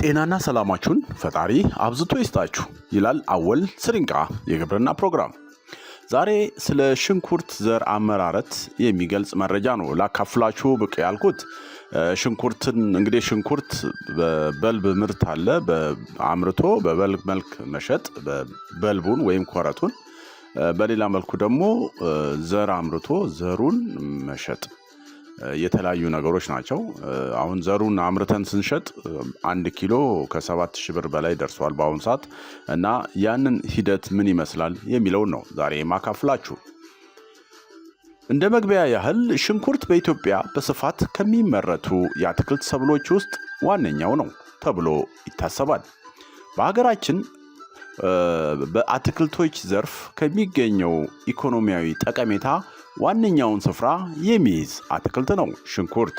ጤናና ሰላማችሁን ፈጣሪ አብዝቶ ይስጣችሁ ይላል አወል ስሪንቃ የግብርና ፕሮግራም። ዛሬ ስለ ሽንኩርት ዘር አመራረት የሚገልጽ መረጃ ነው ላካፍላችሁ ብቅ ያልኩት። ሽንኩርትን እንግዲህ ሽንኩርት በበልብ ምርት አለ። አምርቶ በበልብ መልክ መሸጥ በልቡን ወይም ኮረቱን፣ በሌላ መልኩ ደግሞ ዘር አምርቶ ዘሩን መሸጥ የተለያዩ ነገሮች ናቸው። አሁን ዘሩን አምርተን ስንሸጥ አንድ ኪሎ ከሰባት ሺህ ብር በላይ ደርሷል በአሁኑ ሰዓት እና ያንን ሂደት ምን ይመስላል የሚለውን ነው ዛሬ የማካፍላችሁ። እንደ መግቢያ ያህል ሽንኩርት በኢትዮጵያ በስፋት ከሚመረቱ የአትክልት ሰብሎች ውስጥ ዋነኛው ነው ተብሎ ይታሰባል። በሀገራችን በአትክልቶች ዘርፍ ከሚገኘው ኢኮኖሚያዊ ጠቀሜታ ዋነኛውን ስፍራ የሚይዝ አትክልት ነው ሽንኩርት።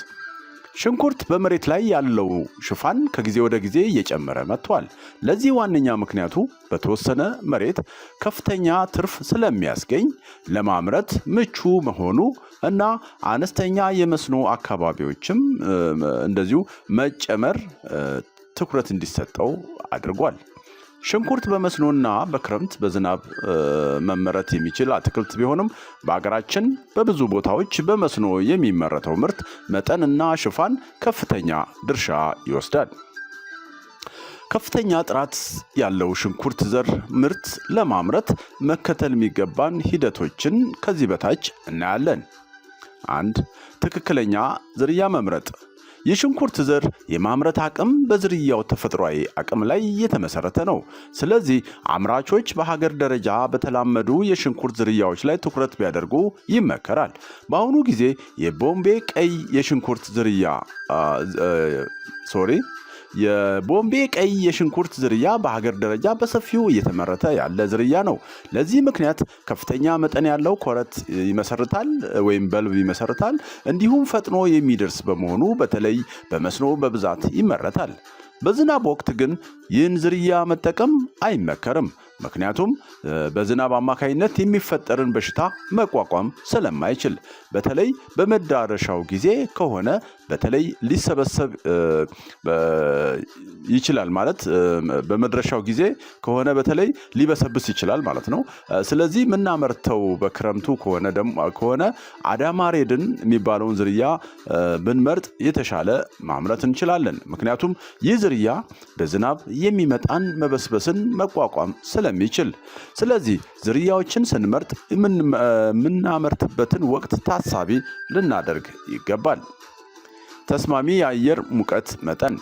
ሽንኩርት በመሬት ላይ ያለው ሽፋን ከጊዜ ወደ ጊዜ እየጨመረ መጥቷል። ለዚህ ዋነኛ ምክንያቱ በተወሰነ መሬት ከፍተኛ ትርፍ ስለሚያስገኝ ለማምረት ምቹ መሆኑ እና አነስተኛ የመስኖ አካባቢዎችም እንደዚሁ መጨመር ትኩረት እንዲሰጠው አድርጓል። ሽንኩርት በመስኖና በክረምት በዝናብ መመረት የሚችል አትክልት ቢሆንም በሀገራችን በብዙ ቦታዎች በመስኖ የሚመረተው ምርት መጠንና ሽፋን ከፍተኛ ድርሻ ይወስዳል። ከፍተኛ ጥራት ያለው ሽንኩርት ዘር ምርት ለማምረት መከተል የሚገባን ሂደቶችን ከዚህ በታች እናያለን። አንድ ትክክለኛ ዝርያ መምረጥ የሽንኩርት ዘር የማምረት አቅም በዝርያው ተፈጥሯዊ አቅም ላይ እየተመሰረተ ነው። ስለዚህ አምራቾች በሀገር ደረጃ በተላመዱ የሽንኩርት ዝርያዎች ላይ ትኩረት ቢያደርጉ ይመከራል። በአሁኑ ጊዜ የቦምቤ ቀይ የሽንኩርት ዝርያ ሶሪ የቦምቤ ቀይ የሽንኩርት ዝርያ በሀገር ደረጃ በሰፊው እየተመረተ ያለ ዝርያ ነው። ለዚህ ምክንያት ከፍተኛ መጠን ያለው ኮረት ይመሰርታል ወይም በልብ ይመሰርታል። እንዲሁም ፈጥኖ የሚደርስ በመሆኑ በተለይ በመስኖ በብዛት ይመረታል። በዝናብ ወቅት ግን ይህን ዝርያ መጠቀም አይመከርም። ምክንያቱም በዝናብ አማካኝነት የሚፈጠርን በሽታ መቋቋም ስለማይችል በተለይ በመዳረሻው ጊዜ ከሆነ በተለይ ሊሰበሰብ ይችላል ማለት በመድረሻው ጊዜ ከሆነ በተለይ ሊበሰብስ ይችላል ማለት ነው። ስለዚህ የምናመርተው በክረምቱ ከሆነ ከሆነ የሚባለውን ዝርያ ብንመርጥ የተሻለ ማምረት እንችላለን። ምክንያቱም ይህ ዝርያ በዝናብ የሚመጣን መበስበስን መቋቋም ስለ ስለሚችል። ስለዚህ ዝርያዎችን ስንመርጥ የምናመርትበትን ወቅት ታሳቢ ልናደርግ ይገባል። ተስማሚ የአየር ሙቀት መጠን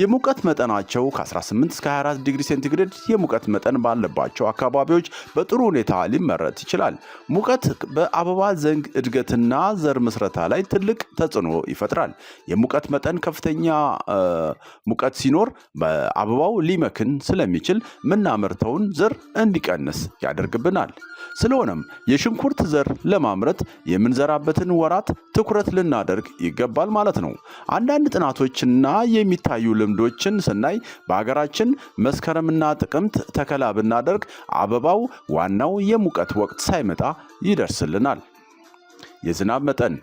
የሙቀት መጠናቸው ከ18 እስከ 24 ዲግሪ ሴንቲግሬድ የሙቀት መጠን ባለባቸው አካባቢዎች በጥሩ ሁኔታ ሊመረት ይችላል። ሙቀት በአበባ ዘንግ እድገትና ዘር ምስረታ ላይ ትልቅ ተጽዕኖ ይፈጥራል። የሙቀት መጠን ከፍተኛ ሙቀት ሲኖር በአበባው ሊመክን ስለሚችል ምናመርተውን ዘር እንዲቀንስ ያደርግብናል። ስለሆነም የሽንኩርት ዘር ለማምረት የምንዘራበትን ወራት ትኩረት ልናደርግ ይገባል ማለት ነው። አንዳንድ ጥናቶችና የሚታዩ ልምዶችን ስናይ በሀገራችን መስከረምና ጥቅምት ተከላ ብናደርግ አበባው ዋናው የሙቀት ወቅት ሳይመጣ ይደርስልናል። የዝናብ መጠን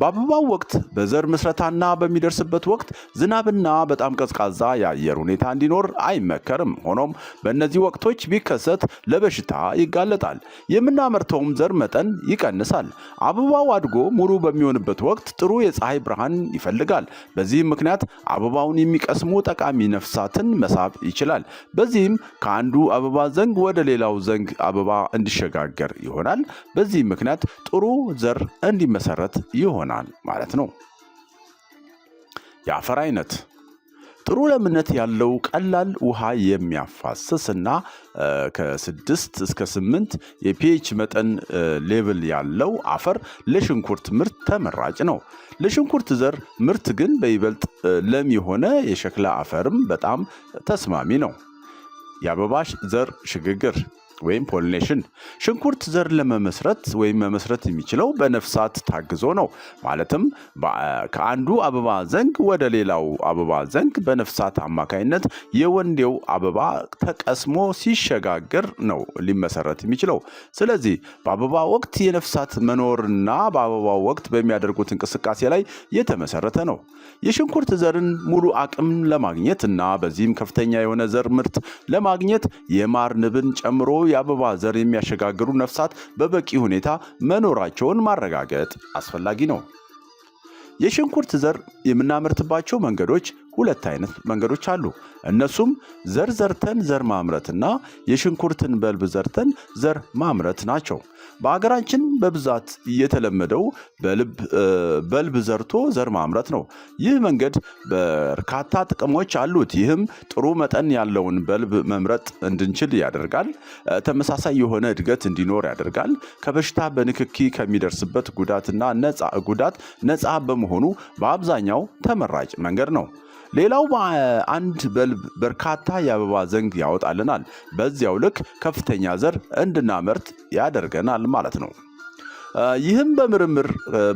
በአበባው ወቅት በዘር ምስረታና በሚደርስበት ወቅት ዝናብና በጣም ቀዝቃዛ የአየር ሁኔታ እንዲኖር አይመከርም። ሆኖም በእነዚህ ወቅቶች ቢከሰት ለበሽታ ይጋለጣል፣ የምናመርተውም ዘር መጠን ይቀንሳል። አበባው አድጎ ሙሉ በሚሆንበት ወቅት ጥሩ የፀሐይ ብርሃን ይፈልጋል። በዚህም ምክንያት አበባውን የሚቀስሙ ጠቃሚ ነፍሳትን መሳብ ይችላል። በዚህም ከአንዱ አበባ ዘንግ ወደ ሌላው ዘንግ አበባ እንዲሸጋገር ይሆናል። በዚህም ምክንያት ጥሩ ዘር እንዲመሰረት ይሆናል። ይሆናል ማለት ነው። የአፈር አይነት ጥሩ ለምነት ያለው ቀላል ውሃ የሚያፋስስ እና ከስድስት እስከ ስምንት የፒኤች መጠን ሌቭል ያለው አፈር ለሽንኩርት ምርት ተመራጭ ነው። ለሽንኩርት ዘር ምርት ግን በይበልጥ ለም የሆነ የሸክላ አፈርም በጣም ተስማሚ ነው። የአበባ ዘር ሽግግር ወይም ፖሊኔሽን ሽንኩርት ዘር ለመመስረት ወይም መመስረት የሚችለው በነፍሳት ታግዞ ነው። ማለትም ከአንዱ አበባ ዘንግ ወደ ሌላው አበባ ዘንግ በነፍሳት አማካኝነት የወንዴው አበባ ተቀስሞ ሲሸጋገር ነው ሊመሰረት የሚችለው። ስለዚህ በአበባ ወቅት የነፍሳት መኖርና በአበባ ወቅት በሚያደርጉት እንቅስቃሴ ላይ የተመሰረተ ነው። የሽንኩርት ዘርን ሙሉ አቅም ለማግኘት እና በዚህም ከፍተኛ የሆነ ዘር ምርት ለማግኘት የማር ንብን ጨምሮ የአበባ ዘር የሚያሸጋግሩ ነፍሳት በበቂ ሁኔታ መኖራቸውን ማረጋገጥ አስፈላጊ ነው። የሽንኩርት ዘር የምናመርትባቸው መንገዶች ሁለት አይነት መንገዶች አሉ። እነሱም ዘር ዘርተን ዘር ማምረትና የሽንኩርትን በልብ ዘርተን ዘር ማምረት ናቸው። በሀገራችን በብዛት የተለመደው በልብ ዘርቶ ዘር ማምረት ነው። ይህ መንገድ በርካታ ጥቅሞች አሉት። ይህም ጥሩ መጠን ያለውን በልብ መምረጥ እንድንችል ያደርጋል። ተመሳሳይ የሆነ እድገት እንዲኖር ያደርጋል። ከበሽታ በንክኪ ከሚደርስበት ጉዳትና ጉዳት ነፃ በመሆኑ በአብዛኛው ተመራጭ መንገድ ነው። ሌላው አንድ በልብ በርካታ የአበባ ዘንግ ያወጣልናል። በዚያው ልክ ከፍተኛ ዘር እንድናመርት ያደርገናል ማለት ነው። ይህም በምርምር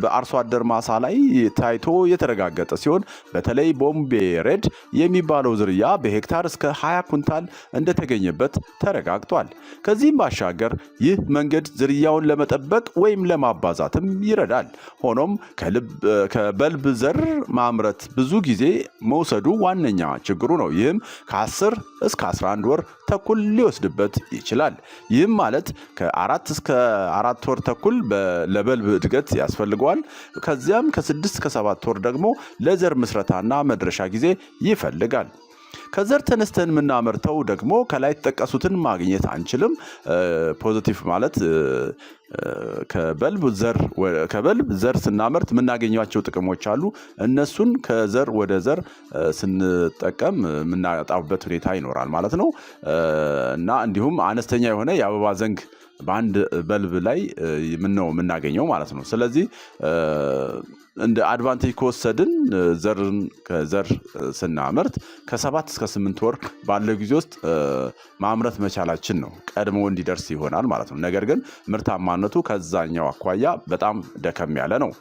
በአርሶ አደር ማሳ ላይ ታይቶ የተረጋገጠ ሲሆን በተለይ ቦምቤ ሬድ የሚባለው ዝርያ በሄክታር እስከ 20 ኩንታል እንደተገኘበት ተረጋግጧል። ከዚህም ባሻገር ይህ መንገድ ዝርያውን ለመጠበቅ ወይም ለማባዛትም ይረዳል። ሆኖም ከበልብ ዘር ማምረት ብዙ ጊዜ መውሰዱ ዋነኛ ችግሩ ነው። ይህም ከ10 እስከ 11 ወር ተኩል ሊወስድበት ይችላል። ይህም ማለት ከአራት እስከ አራት ወር ተኩል በ ለበልብ እድገት ያስፈልገዋል። ከዚያም ከስድስት ከሰባት ወር ደግሞ ለዘር ምስረታና መድረሻ ጊዜ ይፈልጋል። ከዘር ተነስተን የምናመርተው ደግሞ ከላይ የተጠቀሱትን ማግኘት አንችልም። ፖዘቲቭ ማለት ከበልብ ዘር ስናመርት የምናገኛቸው ጥቅሞች አሉ። እነሱን ከዘር ወደ ዘር ስንጠቀም የምናጣበት ሁኔታ ይኖራል ማለት ነው እና እንዲሁም አነስተኛ የሆነ የአበባ ዘንግ በአንድ በልብ ላይ ምነው የምናገኘው ማለት ነው። ስለዚህ እንደ አድቫንቴጅ ከወሰድን ዘርን ከዘር ስናመርት ከሰባት እስከ ስምንት ወር ባለ ጊዜ ውስጥ ማምረት መቻላችን ነው ቀድሞ እንዲደርስ ይሆናል ማለት ነው። ነገር ግን ምርታማነቱ ከዛኛው አኳያ በጣም ደከም ያለ ነው።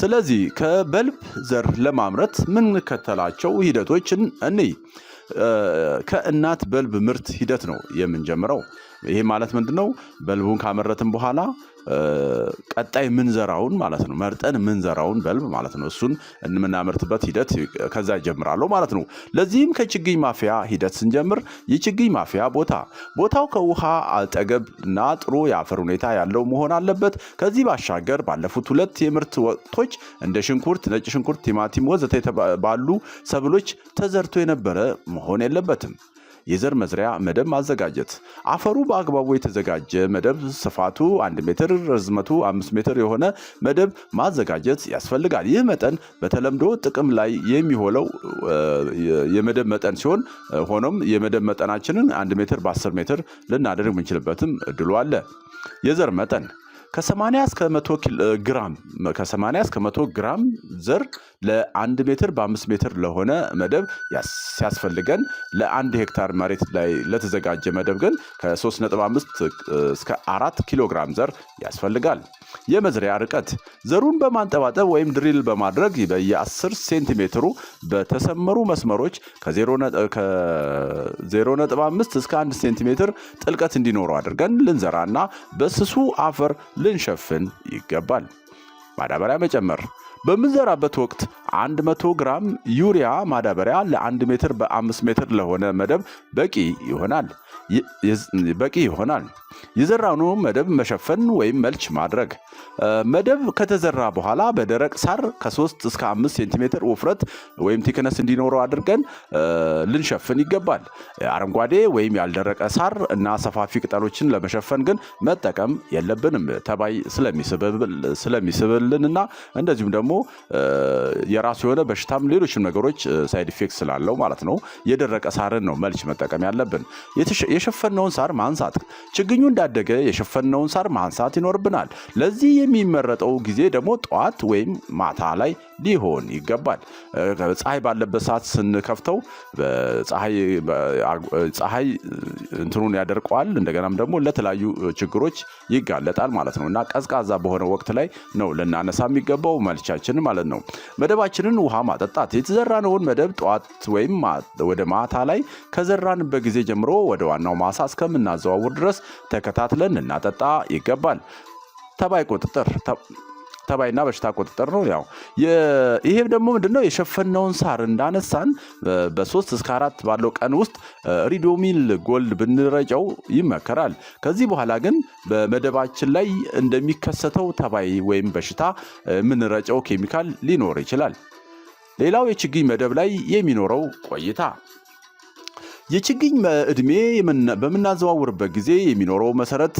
ስለዚህ ከበልብ ዘር ለማምረት የምንከተላቸው ሂደቶችን እንይ። ከእናት በልብ ምርት ሂደት ነው የምንጀምረው። ይሄ ማለት ምንድን ነው? በልቡን ካመረትን በኋላ ቀጣይ ምንዘራውን ማለት ነው መርጠን ምንዘራውን በልብ ማለት ነው እሱን የምናመርትበት ሂደት ከዛ ይጀምራለሁ ማለት ነው። ለዚህም ከችግኝ ማፍያ ሂደት ስንጀምር የችግኝ ማፍያ ቦታ ቦታው ከውሃ አጠገብ እና ጥሩ የአፈር ሁኔታ ያለው መሆን አለበት። ከዚህ ባሻገር ባለፉት ሁለት የምርት ወቅቶች እንደ ሽንኩርት፣ ነጭ ሽንኩርት፣ ቲማቲም ወዘተ ባሉ ሰብሎች ተዘርቶ የነበረ መሆን የለበትም። የዘር መዝሪያ መደብ ማዘጋጀት አፈሩ በአግባቡ የተዘጋጀ መደብ ስፋቱ 1 ሜትር ርዝመቱ 5 ሜትር የሆነ መደብ ማዘጋጀት ያስፈልጋል። ይህ መጠን በተለምዶ ጥቅም ላይ የሚሆለው የመደብ መጠን ሲሆን ሆኖም የመደብ መጠናችንን 1 ሜትር በ10 ሜትር ልናደርግ የምንችልበትም እድሉ አለ። የዘር መጠን ከ80 እስከ 100 ግራም ከ80 እስከ 100 ግራም ዘር ለ1 ሜትር በ5 ሜትር ለሆነ መደብ ሲያስፈልገን ለ1 ሄክታር መሬት ላይ ለተዘጋጀ መደብ ግን ከ3.5 እስከ 4 ኪሎ ግራም ዘር ያስፈልጋል። የመዝሪያ ርቀት ዘሩን በማንጠባጠብ ወይም ድሪል በማድረግ በየ10 ሴንቲሜትሩ በተሰመሩ መስመሮች ከ0.5 እስከ 1 ሴንቲሜትር ጥልቀት እንዲኖረው አድርገን ልንዘራና በስሱ አፈር ልንሸፍን ይገባል። ማዳበሪያ መጨመር በምንዘራበት ወቅት 100 ግራም ዩሪያ ማዳበሪያ ለ1 ሜትር በ5 ሜትር ለሆነ መደብ በቂ ይሆናል በቂ ይሆናል። የዘራኑ መደብ መሸፈን ወይም መልች ማድረግ። መደብ ከተዘራ በኋላ በደረቅ ሳር ከ3 እስከ 5 ሴንቲሜትር ውፍረት ወይም ቲክነስ እንዲኖረው አድርገን ልንሸፍን ይገባል። አረንጓዴ ወይም ያልደረቀ ሳር እና ሰፋፊ ቅጠሎችን ለመሸፈን ግን መጠቀም የለብንም ተባይ ስለሚስብልንና እንደዚሁም ደግሞ የራሱ የሆነ በሽታም ሌሎችም ነገሮች ሳይድ ኢፌክት ስላለው ማለት ነው የደረቀ ሳርን ነው መልች መጠቀም ያለብን። የሸፈነውን ሳር ማንሳት፣ ችግኙ እንዳደገ የሸፈነውን ሳር ማንሳት ይኖርብናል። ለዚህ የሚመረጠው ጊዜ ደግሞ ጠዋት ወይም ማታ ላይ ሊሆን ይገባል። ፀሐይ ባለበት ሰዓት ስንከፍተው ፀሐይ እንትኑን ያደርቀዋል። እንደገናም ደግሞ ለተለያዩ ችግሮች ይጋለጣል ማለት ነው እና ቀዝቃዛ በሆነ ወቅት ላይ ነው ልናነሳ የሚገባው መልቻችን ማለት ነው። መደባችንን ውሃ ማጠጣት የተዘራነውን መደብ ጠዋት ወይም ወደ ማታ ላይ ከዘራንበት ጊዜ ጀምሮ ወደ ዋናው ማሳ እስከምናዘዋውር ድረስ ተከታትለን እናጠጣ ይገባል። ተባይ ቁጥጥር ተባይና በሽታ ቁጥጥር ነው። ያው ይሄም ደግሞ ምንድነው የሸፈነውን ሳር እንዳነሳን በሶስት እስከ አራት ባለው ቀን ውስጥ ሪዶሚል ጎልድ ብንረጨው ይመከራል። ከዚህ በኋላ ግን በመደባችን ላይ እንደሚከሰተው ተባይ ወይም በሽታ የምንረጨው ኬሚካል ሊኖር ይችላል። ሌላው የችግኝ መደብ ላይ የሚኖረው ቆይታ የችግኝ እድሜ በምናዘዋውርበት ጊዜ የሚኖረው መሰረት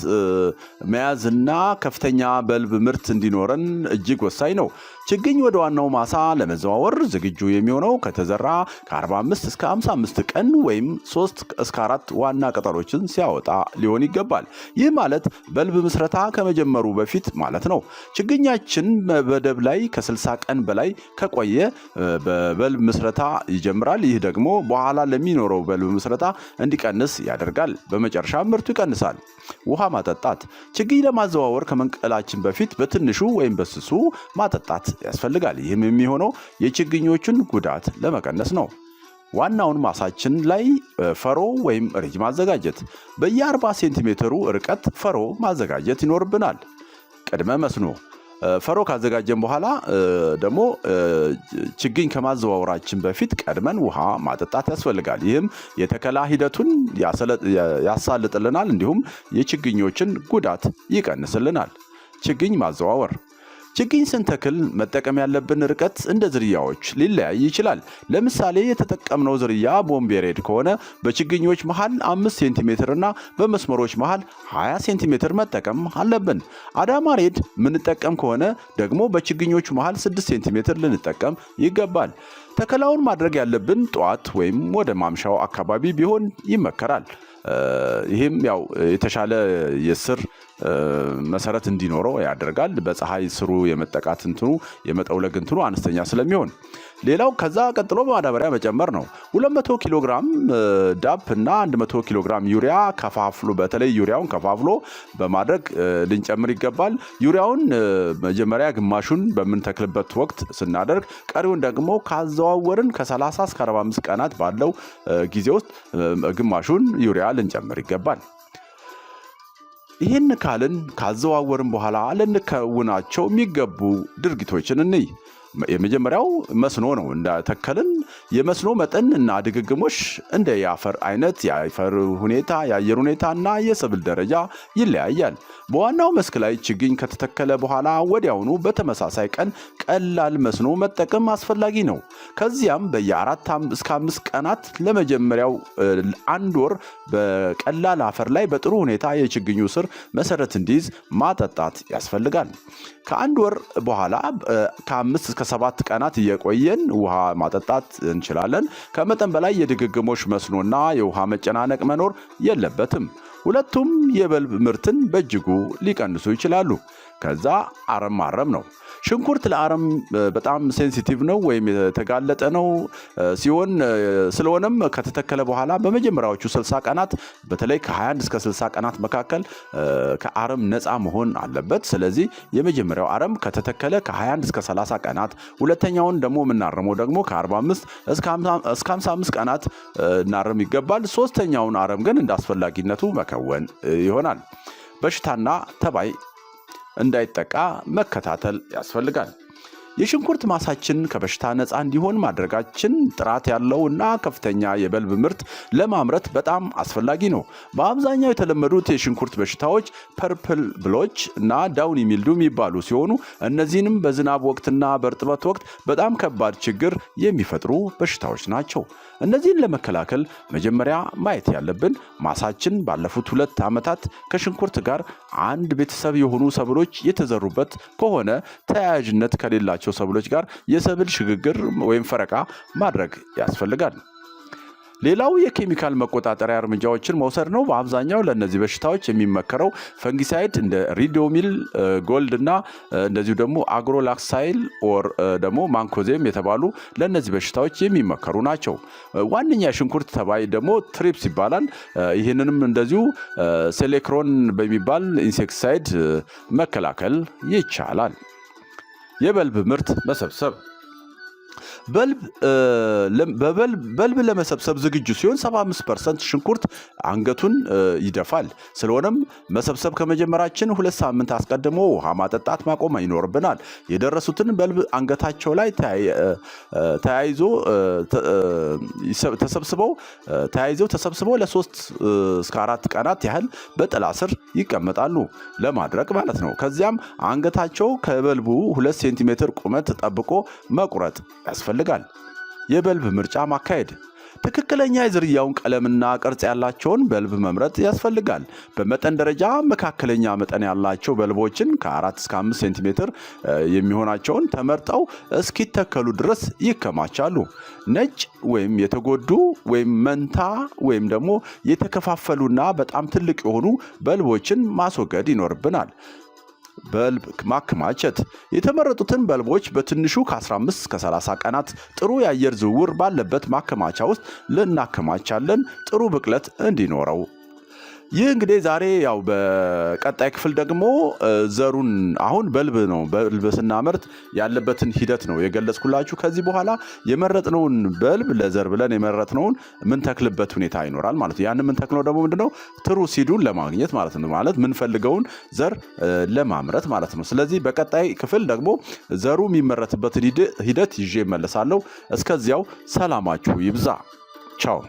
መያዝና ከፍተኛ በልብ ምርት እንዲኖረን እጅግ ወሳኝ ነው። ችግኝ ወደ ዋናው ማሳ ለመዘዋወር ዝግጁ የሚሆነው ከተዘራ ከ45 እስከ 55 ቀን ወይም 3 እስከ 4 ዋና ቅጠሎችን ሲያወጣ ሊሆን ይገባል። ይህ ማለት በልብ ምስረታ ከመጀመሩ በፊት ማለት ነው። ችግኛችን በደብ ላይ ከ60 ቀን በላይ ከቆየ በበልብ ምስረታ ይጀምራል። ይህ ደግሞ በኋላ ለሚኖረው በልብ ምስረታ እንዲቀንስ ያደርጋል። በመጨረሻ ምርቱ ይቀንሳል። ውሃ ማጠጣት ችግኝ ለማዘዋወር ከመንቀላችን በፊት በትንሹ ወይም በስሱ ማጠጣት ያስፈልጋል። ይህም የሚሆነው የችግኞቹን ጉዳት ለመቀነስ ነው። ዋናውን ማሳችን ላይ ፈሮ ወይም ሪጅ ማዘጋጀት፣ በየ40 ሴንቲሜትሩ ርቀት ፈሮ ማዘጋጀት ይኖርብናል። ቅድመ መስኖ ፈሮ ካዘጋጀን በኋላ ደግሞ ችግኝ ከማዘዋወራችን በፊት ቀድመን ውሃ ማጠጣት ያስፈልጋል። ይህም የተከላ ሂደቱን ያሳልጥልናል፣ እንዲሁም የችግኞችን ጉዳት ይቀንስልናል። ችግኝ ማዘዋወር ችግኝ ስንተክል መጠቀም ያለብን ርቀት እንደ ዝርያዎች ሊለያይ ይችላል። ለምሳሌ የተጠቀምነው ዝርያ ቦምቤሬድ ከሆነ በችግኞች መሃል 5 ሴንቲሜትር እና በመስመሮች መሃል 20 ሴንቲሜትር መጠቀም አለብን። አዳማ ሬድ ምንጠቀም ከሆነ ደግሞ በችግኞቹ መሃል 6 ሴንቲሜትር ልንጠቀም ይገባል። ተከላውን ማድረግ ያለብን ጠዋት ወይም ወደ ማምሻው አካባቢ ቢሆን ይመከራል። ይህም ያው የተሻለ የስር መሰረት እንዲኖረው ያደርጋል። በፀሐይ ስሩ የመጠቃት እንትኑ የመጠውለግ እንትኑ አነስተኛ ስለሚሆን ሌላው ከዛ ቀጥሎ በማዳበሪያ መጨመር ነው። 200 ኪሎ ግራም ዳፕ እና 100 ኪሎ ግራም ዩሪያ ከፋፍሎ በተለይ ዩሪያውን ከፋፍሎ በማድረግ ልንጨምር ይገባል። ዩሪያውን መጀመሪያ ግማሹን በምንተክልበት ወቅት ስናደርግ ቀሪውን ደግሞ ካዘዋወርን ከ30 እስከ 45 ቀናት ባለው ጊዜ ውስጥ ግማሹን ዩሪያ ልንጨምር ይገባል። ይህን ካልን ካዘዋወርን በኋላ ልንከውናቸው የሚገቡ ድርጊቶችን እንይ። የመጀመሪያው መስኖ ነው። እንዳተከልን የመስኖ መጠን እና ድግግሞሽ እንደ የአፈር አይነት፣ የአፈር ሁኔታ፣ የአየር ሁኔታ እና የሰብል ደረጃ ይለያያል። በዋናው መስክ ላይ ችግኝ ከተተከለ በኋላ ወዲያውኑ በተመሳሳይ ቀን ቀላል መስኖ መጠቀም አስፈላጊ ነው። ከዚያም በየአራት እስከ አምስት ቀናት ለመጀመሪያው አንድ ወር በቀላል አፈር ላይ በጥሩ ሁኔታ የችግኙ ስር መሰረት እንዲይዝ ማጠጣት ያስፈልጋል። ከአንድ ወር በኋላ ከአምስት እስከ ሰባት ቀናት እየቆየን ውሃ ማጠጣት እንችላለን። ከመጠን በላይ የድግግሞች መስኖና የውሃ መጨናነቅ መኖር የለበትም። ሁለቱም የበልብ ምርትን በእጅጉ ሊቀንሱ ይችላሉ። ከዛ አረም ማረም ነው። ሽንኩርት ለአረም በጣም ሴንሲቲቭ ነው ወይም የተጋለጠ ነው ሲሆን ስለሆነም ከተተከለ በኋላ በመጀመሪያዎቹ 60 ቀናት በተለይ ከ21 እስከ 60 ቀናት መካከል ከአረም ነፃ መሆን አለበት። ስለዚህ የመጀመሪያው አረም ከተተከለ ከ21 እስከ 30 ቀናት፣ ሁለተኛውን ደግሞ የምናርመው ደግሞ ከ45 እስከ 55 ቀናት እናርም ይገባል። ሶስተኛውን አረም ግን እንዳስፈላጊነቱ መከወን ይሆናል። በሽታና ተባይ እንዳይጠቃ መከታተል ያስፈልጋል። የሽንኩርት ማሳችን ከበሽታ ነፃ እንዲሆን ማድረጋችን ጥራት ያለው እና ከፍተኛ የበልብ ምርት ለማምረት በጣም አስፈላጊ ነው። በአብዛኛው የተለመዱት የሽንኩርት በሽታዎች ፐርፕል ብሎች እና ዳውኒ ሚልዱ የሚባሉ ሲሆኑ እነዚህንም በዝናብ ወቅትና በእርጥበት ወቅት በጣም ከባድ ችግር የሚፈጥሩ በሽታዎች ናቸው። እነዚህን ለመከላከል መጀመሪያ ማየት ያለብን ማሳችን ባለፉት ሁለት ዓመታት ከሽንኩርት ጋር አንድ ቤተሰብ የሆኑ ሰብሎች የተዘሩበት ከሆነ ተያያዥነት ከሌላቸው ካላቸው ሰብሎች ጋር የሰብል ሽግግር ወይም ፈረቃ ማድረግ ያስፈልጋል። ሌላው የኬሚካል መቆጣጠሪያ እርምጃዎችን መውሰድ ነው። በአብዛኛው ለእነዚህ በሽታዎች የሚመከረው ፈንጊሳይድ እንደ ሪዶሚል ጎልድ እና እንደዚሁ ደግሞ አግሮላክሳይል ኦር ደግሞ ማንኮዜም የተባሉ ለእነዚህ በሽታዎች የሚመከሩ ናቸው። ዋነኛ ሽንኩርት ተባይ ደግሞ ትሪፕስ ይባላል። ይህንንም እንደዚሁ ሴሌክሮን በሚባል ኢንሴክቲሳይድ መከላከል ይቻላል። የበልብ ምርት መሰብሰብ በልብ ለመሰብሰብ ዝግጁ ሲሆን 75 ፐርሰንት ሽንኩርት አንገቱን ይደፋል። ስለሆነም መሰብሰብ ከመጀመራችን ሁለት ሳምንት አስቀድሞ ውሃ ማጠጣት ማቆም ይኖርብናል። የደረሱትን በልብ አንገታቸው ላይ ተያይዞ ተሰብስበው ተያይዘው ተሰብስበው ለሶስት እስከ አራት ቀናት ያህል በጥላ ስር ይቀመጣሉ ለማድረቅ ማለት ነው። ከዚያም አንገታቸው ከበልቡ ሁለት ሴንቲሜትር ቁመት ጠብቆ መቁረጥ ያስፈልጋል። የበልብ ምርጫ ማካሄድ ትክክለኛ የዝርያውን ቀለምና ቅርጽ ያላቸውን በልብ መምረጥ ያስፈልጋል። በመጠን ደረጃ መካከለኛ መጠን ያላቸው በልቦችን ከ4 እስከ 5 ሴንቲሜትር የሚሆናቸውን ተመርጠው እስኪተከሉ ድረስ ይከማቻሉ። ነጭ ወይም የተጎዱ ወይም መንታ ወይም ደግሞ የተከፋፈሉና በጣም ትልቅ የሆኑ በልቦችን ማስወገድ ይኖርብናል። በልብ ማከማቸት የተመረጡትን በልቦች በትንሹ ከ15 እስከ 30 ቀናት ጥሩ የአየር ዝውውር ባለበት ማከማቻ ውስጥ ልናከማቻለን ጥሩ ብቅለት እንዲኖረው ይህ እንግዲህ ዛሬ ያው በቀጣይ ክፍል ደግሞ ዘሩን አሁን በልብ ነው በልብ ስናመርት ያለበትን ሂደት ነው የገለጽኩላችሁ። ከዚህ በኋላ የመረጥነውን በልብ ለዘር ብለን የመረጥነውን የምንተክልበት ሁኔታ ይኖራል ማለት ነው። ያን የምንተክለው ደግሞ ምንድነው ትሩ ሲዱን ለማግኘት ማለት ነው፣ ማለት የምንፈልገውን ዘር ለማምረት ማለት ነው። ስለዚህ በቀጣይ ክፍል ደግሞ ዘሩ የሚመረትበትን ሂደት ይዤ እመለሳለሁ። እስከዚያው ሰላማችሁ ይብዛ። ቻው